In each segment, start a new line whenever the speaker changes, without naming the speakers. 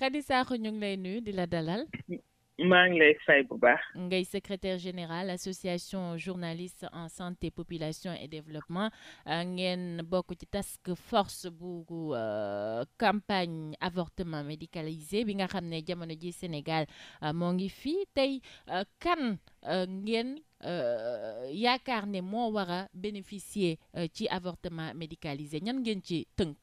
Khady Sakho ñu ngi lay nuyu di la dalal.
maa ngi lay fay bu baax.
ngay secretaire général association journaliste en santé population et développement euh, ngeen bokk ci task force bu euh, campagne avortement médicalisé bi nga xam ne jamono ji Sénégal euh, moo ngi fii tey kan ngeen yaakaar ne moo war a bénéficier ci avortement médicalisé ñan ngeen ci tënk.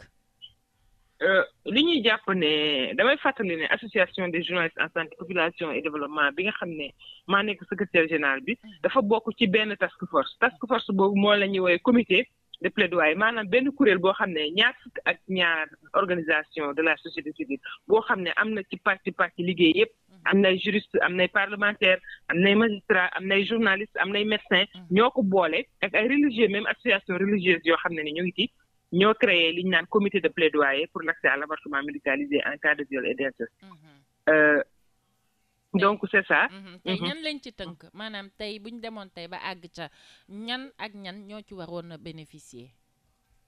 Euh, li ñuy jàpp ne damay fàttali ne association des journalistes en santé population et développement bi nga xam ne ma nekk secrétaire général bi mm. dafa bokk ci benn task force task force boobu moo la ñuy woowee comité de plaidoyer maanaam benn kuréel boo xam ne ñaar fukk ak ñaar organisation de la société civile boo xam ne am na ci parti parti liggéey yépp mm. am nay juriste am nay parlementaire am nay magistrat am nay journaliste am nay médecin mm. ñoo ko boole ak ay religieux même association religieuse yoo xam ne ne ñu ngi ci ñoo créé li ñu naan comité de plaidoyer pour l' accès à l' avortement médicalisé en cas de viol et d'inceste mhm. euh, donc c' ça. Mhm. Mhm. tey ñan
lañ ci tënk maanaam tey bu ñu demoon tey ba àgg ca ñan ak ñan ñoo ci waroon na bénéficier.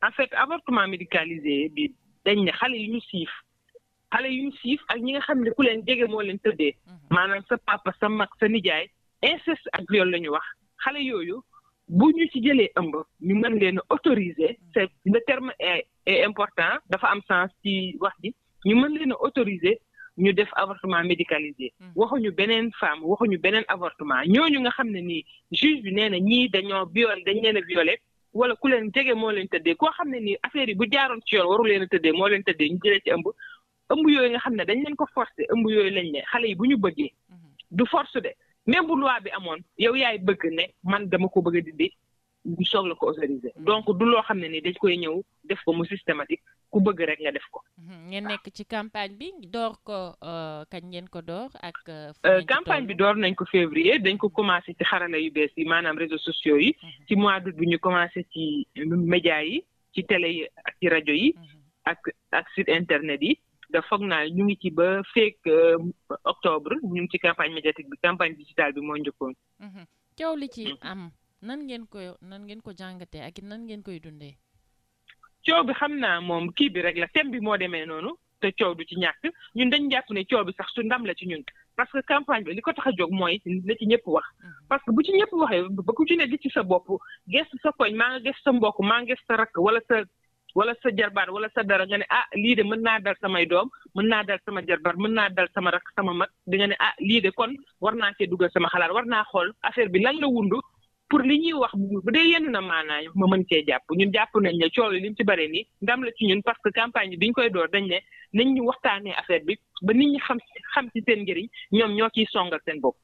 en fait avortement médicalisé bi dañ ne xale yu ñu siif
xale yu ñu siif
ak ñi nga xam ne ku leen jege moo leen tëddee. maanaam sa papa sa mag sa nijaay inceste ak viol la ñu wax xale yooyu. bu ñu ci jëlee ëmb ñu mën leen autoriser c'est le terme est important dafa am sens ci wax ji ñu mën leen autoriser ñu def avortement médicalisé hmm. waxuñu beneen femme waxuñu beneen avortement ñooñu nga xam ne nii juge bi nee na ñii dañoo violé dañ leen a wala ku leen jege moo leen tëddee koo xam ne nii affaire yi bu jaaroon ci yoon waru leen a tëddee moo leen tëddee ñu jëlee ci ëmb ëmb yooyu nga xam ne dañ leen ko forcer ëmb yooyu lañ ne xale yi bu ñu bëggee hmm. du force de même bu bi amoon yow yaay bëgg ne man dama ko bëgg a dindi ñu soog la ko autoriser. Mm-hmm. donc du loo xam ne ni dañ koy ñëw def ko mu systématique ku bëgg rek nga def ko.
Mm-hmm. ngeen nekk ci campagne bi door ko euh, kañ ngeen ko door ak. Euh, euh, campagne bi
door nañ ko février dañ ko commencé ci xarala yu bees yi maanaam réseaux sociaux yi. Mm-hmm. ci mois d'août bi ñu commencé ci média yi ci télé yi ak ci rajo yi. ak ak site internet yi. da foog naa ñu ngi ci ba feek euh, octobre ñu ngi ci campagne médiatique bi campagne digitale bi moo njëkkoon.
Mhm. coow li ci mhm. am nan ngeen koy nan ngeen ko jàngatee ak nan ngeen koy dundee.
coow bi xam naa moom kii bi rek la thème bi moo demee noonu te coow du ci ñàkk ñun dañ jàpp ne coow bi sax su ndam la ci ñun parce que campagne bi li ko tax a jóg mooy na ci ñëpp wax. Mhm. parce que bu ci ñëpp waxee ba ku ci ne di ci sa bopp gëstu sa koñ maa nga gëstu sa mbokk maa nga rakk wala wala sa jarbaat wala sa dara nga ne ah lii de mën naa dal samay doom mën naa dal sama jarbaat mën naa dal sama rak sama mag di ne ah lii de kon war naa cee dugal sama xalaat war naa xool affaire bi lan la wundu pour li ñuy wax bu dee yenn na maanaam ma mën cee jàpp ñun jàpp nañ ne coow li mu ci bare nii ndam la ci ñun parce que campagne bi biñ koy door dañ ne nañ ñu waxtaanee affaire bi ba nit ñi xam xam ci seen njëriñ ñoom ñoo kiy songal seen bopp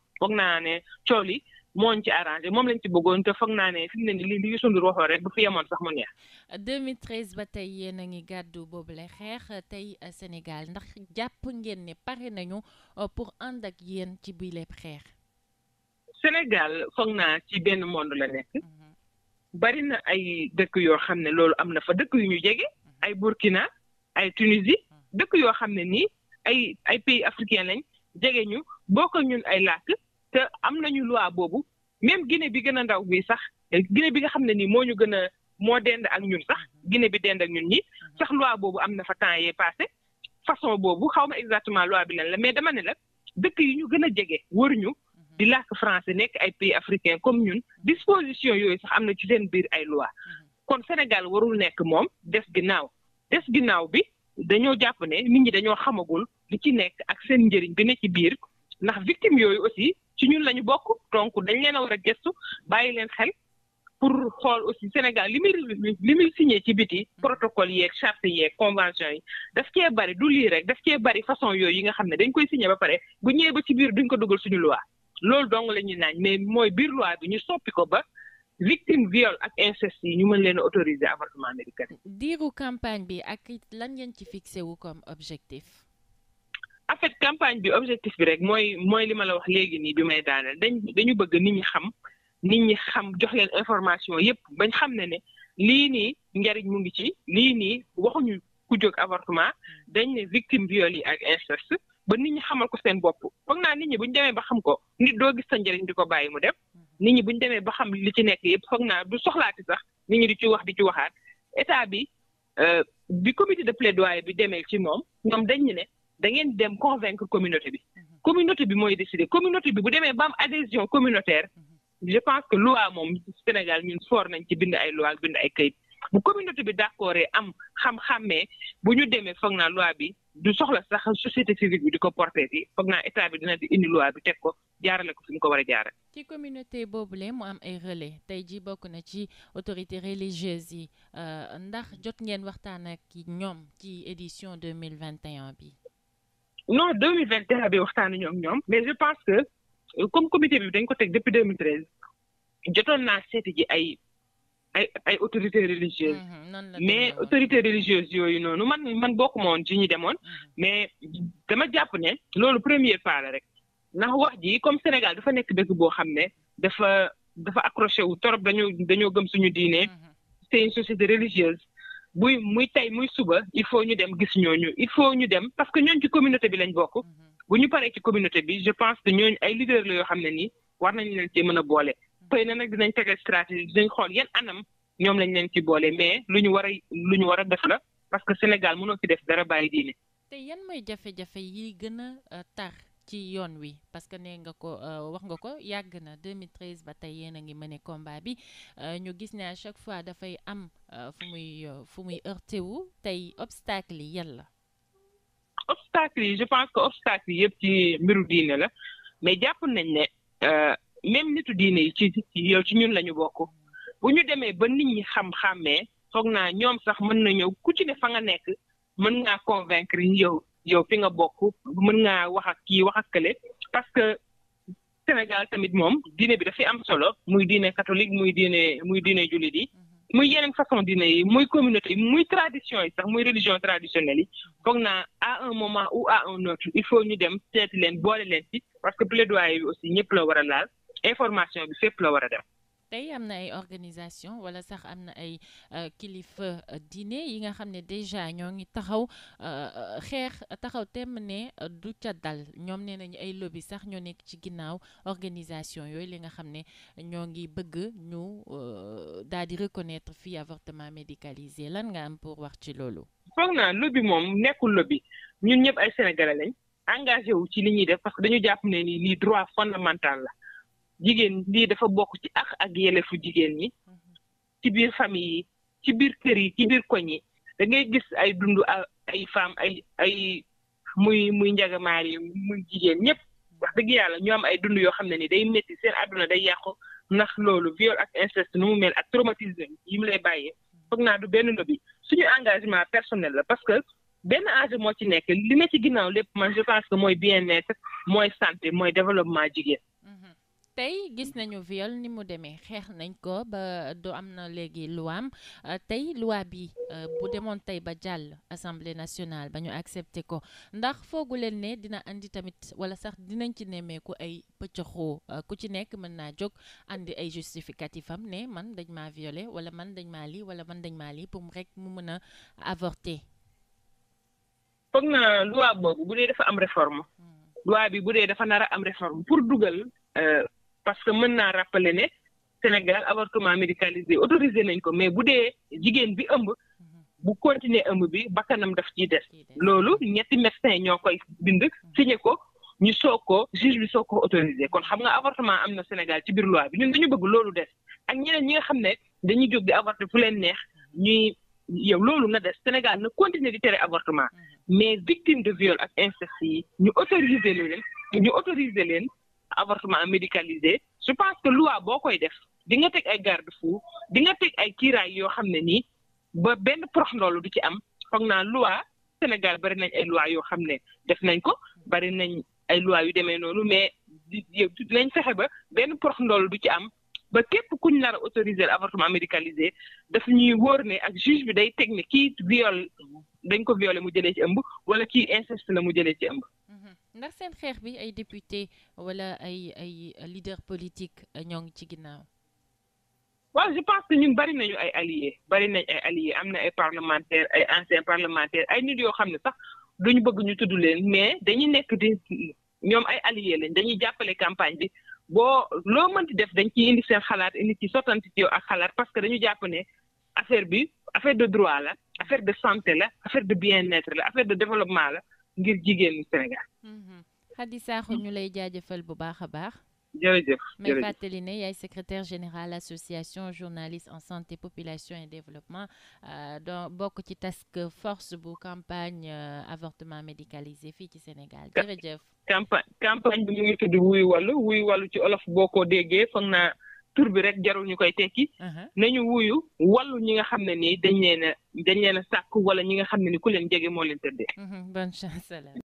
mooñ ci arrangé moom lañ ci bëggoon te foog naa ne fi mu ne nii li li Youssou Ndour waxoon rek bu fi yemoon sax mu neex.
2013 ba tey yéen a ngi gàddu boobule xeex tey Sénégal ndax jàpp ngeen ne pare nañu euh, pour ànd ak yéen ci biir xeex.
Sénégal foog naa ci benn monde la nekk. Mhm. bari na ay dëkk yoo xam ne loolu am na fa dëkk yu ñu jege. Mhm. ay Burkina ay Tunisie. Mhm. dëkk yoo xam ne nii ay ay pays africain lañ jege ñu bokk ñun ay làkk. te am ñu loi boobu même Guinée bi gën a ndaw bi sax Guinée bi nga xam ne nii moo ñu gën a moo dend ak ñun sax Guinée bi dend ak ñun ñi sax loi boobu am na fa temps yee passé façon boobu xaw ma exactement loi bi lan la mais dama ne la dëkk yi ñu gën a jege waruñu di làkk français nekk ay pays africain comme ñun disposition yooyu sax am na ci seen biir ay loi kon Sénégal warul nekk moom des ginnaaw des ginnaaw bi dañoo jàpp ne nit ñi dañoo xamagul li ci nekk ak seen njëriñ bi ci biir ndax victime yooyu aussi ci ñun lañu bokk donc dañ leen a war a gëstu bàyyi leen xel pour xool aussi Sénégal li mu li muy signé ci biti protocole yeeg charte yeeg convention yi daf cee bari du lii rek daf cee bari façon yooyu yi nga xam ne dañ koy signé ba pare bu ñëwee ba ci biir duñ ko dugal suñu loi loolu dong la ñuy naan mais mooy biir loi bi ñu soppi ko ba victime viol ak inceste yi ñu mën leen a autoriser avortement médical.
diiru campagne bi ak lan ngeen ci fixé wu comme objectif.
en campagne bi objectif bi rek mooy mooy li ma la wax léegi nii bi may daaneel dañ dañu bëgg nit ñi xam nit ñi xam jox leen information yépp bañ xam ne ne lii nii njariñ mu ngi ci lii nii waxuñu ku jóg avortement dañ ne victime viol yi ak inceste ba nit ñi xamal ko seen bopp foog naa nit ñi bu ñu demee ba xam ko nit doo gis sa njariñ di ko bàyyi mu dem nit ñi bu ñu demee ba xam li ci nekk yépp foog naa du soxlaati sax nit ñi di ci wax di ci waxaat état bi euh, bi comité de plaidoyer bi demee ci moom ñoom dañ ne. da ngeen dem convaincre communauté bi communauté bi mooy décider communauté bi bu demee bam am adhésion communautaire je pense que loi moom Sénégal ñun fort nañ ci bind ay loi ak bind ay kayit bu communauté bi d'accord am xam-xamee bu ñu demee foog naa loi bi du soxla sax société civile bi di ko porté yi foog naa état bi dina di indi loi bi teg ko jaarale ko fi mu ko war a jaarale.
ci communauté boobule mu am ay relais tey jii bokk na ci autorités religieuses yi euh, ndax jot ngeen waxtaan ak ñoom ci édition deux mille vingt et
non 2021 bi waxtaanuñu ak ñoom mais je pense que euh, comme comité bi dañ ko teg depuis 2013 jotoon naa seeti ji ay ay ay autorités religieuses. Mm-hmm, mais autorités religieuses yooyu noonu man man bokk ma woon ci ñi demoon. Mm-hmm. mais dama jàpp ne loolu premier pas rek ndax wax ji comme Sénégal dafa nekk dëkk boo xam ne dafa dafa accroché wu torop dañoo dañoo gëm suñu diinee mm-hmm. c'est une société religieuse. buy muy tey muy suba il faut ñu dem gis ñooñu il faut ñu dem parce que ñooñu ci communauté bi lañ bokk mhm. bu ñu paree ci communauté bi je pense que ñooñu ay leader la yoo xam ne nii war nañ leen ci mën a boole mhm. xëy na nag dinañ tegal stratégie dinañ xool yan anam ñoom lañ leen ci boole mais lu ñu war a lu ñu war a def la parce que Sénégal mënoo fi def dara bàyyi diine.
te yan mooy jafe-jafe yi gën a euh, tar. ci yoon wi parce que ne nga ko euh, wax nga ko yàgg na deux 2013 ba tey yéen a ngi mené combat bi euh, ñu gis ne à chaque fois dafay am euh, fu muy fu muy heurté wu tey obstacle yi yan la.
obstacle yi je pense que obstacle yi yëpp ci mbiru diine la mais jàpp nañ ne même nitu diine yi ci yow ci ñun la ñu bokk bu ñu demee ba nit ñi xam-xàmmee foog naa ñoom sax mën na ñëw ku ci ne fa nga nekk mën ngaa convaincre yow. yow fi nga bokk mën ngaa wax ak kii wax ak kële parce que Sénégal tamit moom diine bi dafay am solo muy diine catholique muy diine muy dine jullit yi mhm. muy yeneen façon diine yi muy communauté yi muy tradition yi sax muy religion traditionnelle yi foog naa à un moment ou à un autre il faut ñu dem seeti leen boole leen ci parce que plaidoyer bi aussi ñëpp la war a laal information bi fépp la war a dem
tey am na ay organisation wala sax am na ay euh, kilifa euh, diine yi nga xam ne déjà ñoo ngi taxaw euh, xeex taxaw temm ne du ca dal ñoom nee nañu ay lobby sax ñoo nekk ci ginnaaw organisation yooyu li nga xam ne ñoo ngi bëgg ñu daal di reconnaître fii avortement médicalisé lan nga am pour wax ci loolu.
foog naa lobby moom nekkul lobby ñun ñëpp ay sénégalais lañ engagé wu ci li ñuy def parce que dañu jàpp ne ni lii droit fondamental la. jigéen lii dafa bokk ci ak ak yelefu jigéen ñi ci biir famille yi ci biir kër yi ci biir koñ yi da ngay gis ay dund ay femme ay ay muy muy njagamaar yi muy jigéen ñëpp wax dëgg yàlla ñu am ay dund yoo xam ne ni day métti seen àdduna day yàqu ndax loolu viol ak inceste nu mu mel ak traumatisme yi mu lay bàyyee foog naa du benn lobby suñu engagement personnel la parce que benn enjeu moo ci nekk li ne ci ginnaaw lépp man je que mooy bien-être mooy santé mooy développement jigéen
tey gis nañu viol ni mu demee xeex nañ ko ba doo am na léegi luwaam euh, tey loi bi euh, bu demoon tey ba jàll assemblée nationale ba ñu accepté ko ndax foogu leen ne dina indi tamit wala sax dinañ ci nemmeeku ay pëccëxoo euh, ku ci nekk mën naa jóg indi ay justificatif am ne man dañ ma viole wala man dañ maa lii wala man dañ maa lii pour rek mu mën a avorter.
foog na loi boobu bu dee dafa am réforme. Hmm. loi bi bu dee dafa nar am réforme pour dugal. parce que mën naa rappeler ne Sénégal avortement médicalisé autorisé nañ ko mais bu dee jigéen bi ëmb bu continuer ëmb bi bakkanam daf ciy des loolu ñetti médecin ñoo koy bind signé ko ñu soog ko juge bi soog ko autorisé kon xam nga avortement am na Sénégal ci biir loi bi ñun dañu bëgg loolu des ak ñeneen ñi nga xam ne dañuy jóg di avorter fu leen neex ñuy yow loolu na des Sénégal na continuer di tere avortement mhm. mais victime de viol ak inceste yi ñu autorisé leen ñu autorisé leen avortement médicalisé je pense que loi boo koy def di nga teg ay garde fou di nga teg ay kiiraay yoo xam ne nii ba benn prox ndoolu du ci am foog naa loi Sénégal bari nañ ay loi yoo xam ne def nañ ko bari nañ ay loi yu demee noonu mais dinañ fexe ba benn prox ndoolu du ci am ba képp kuñ nar a autoriser avortement médicalisé daf ñuy wóor ne ak juge bi day teg ne kii viol dañ ko violé mu jëlee ci ëmb wala kii inceste la mu jëlee ci ëmb
ndax seen xeex bi ay député wala ay ay leader politique ñoo ngi ci ginnaaw.
waaw je pense que ñun bari nañu ay alliés bari nañ ay alliés am na ay parlementaires ay anciens parlementaires ay nit yoo xam ne sax duñu bëgg ñu tudd leen mais dañuy nekk di ñoom ay alliés lañ dañuy jàppale campagne bi boo loo mënti def dañ ci indi seen xalaat indi ci sottanti yow ak xalaat parce que dañu jàpp ne affaire bi affaire de droit la affaire de santé la affaire bien-être la affaire de développement la. ngir jigéenu Sénégal.
Mhm. Khady Sakho ñu lay jaajëfal bu baax a baax.
jërëjëf jërëjëf may
fàttali ne yaay secrétaire général association journaliste en santé population et développement euh, donc bokk ci task force bu campagne euh, avortement médicalisé fii ci Sénégal jërëjëf.
campagne campagne bi mu ngi tudd wuy wàllu wuy wàllu ci olof boo ko déggee foog naa. tur bi rek jarul ñu koy tekki. Uh-huh. nañu wuyu wàllu ñi nga xam ne nii dañ leen a dañ leen a sàkk wala ñi nga xam ne ni ku leen jege moo leen tëddee. Uh-huh.
bonne chance.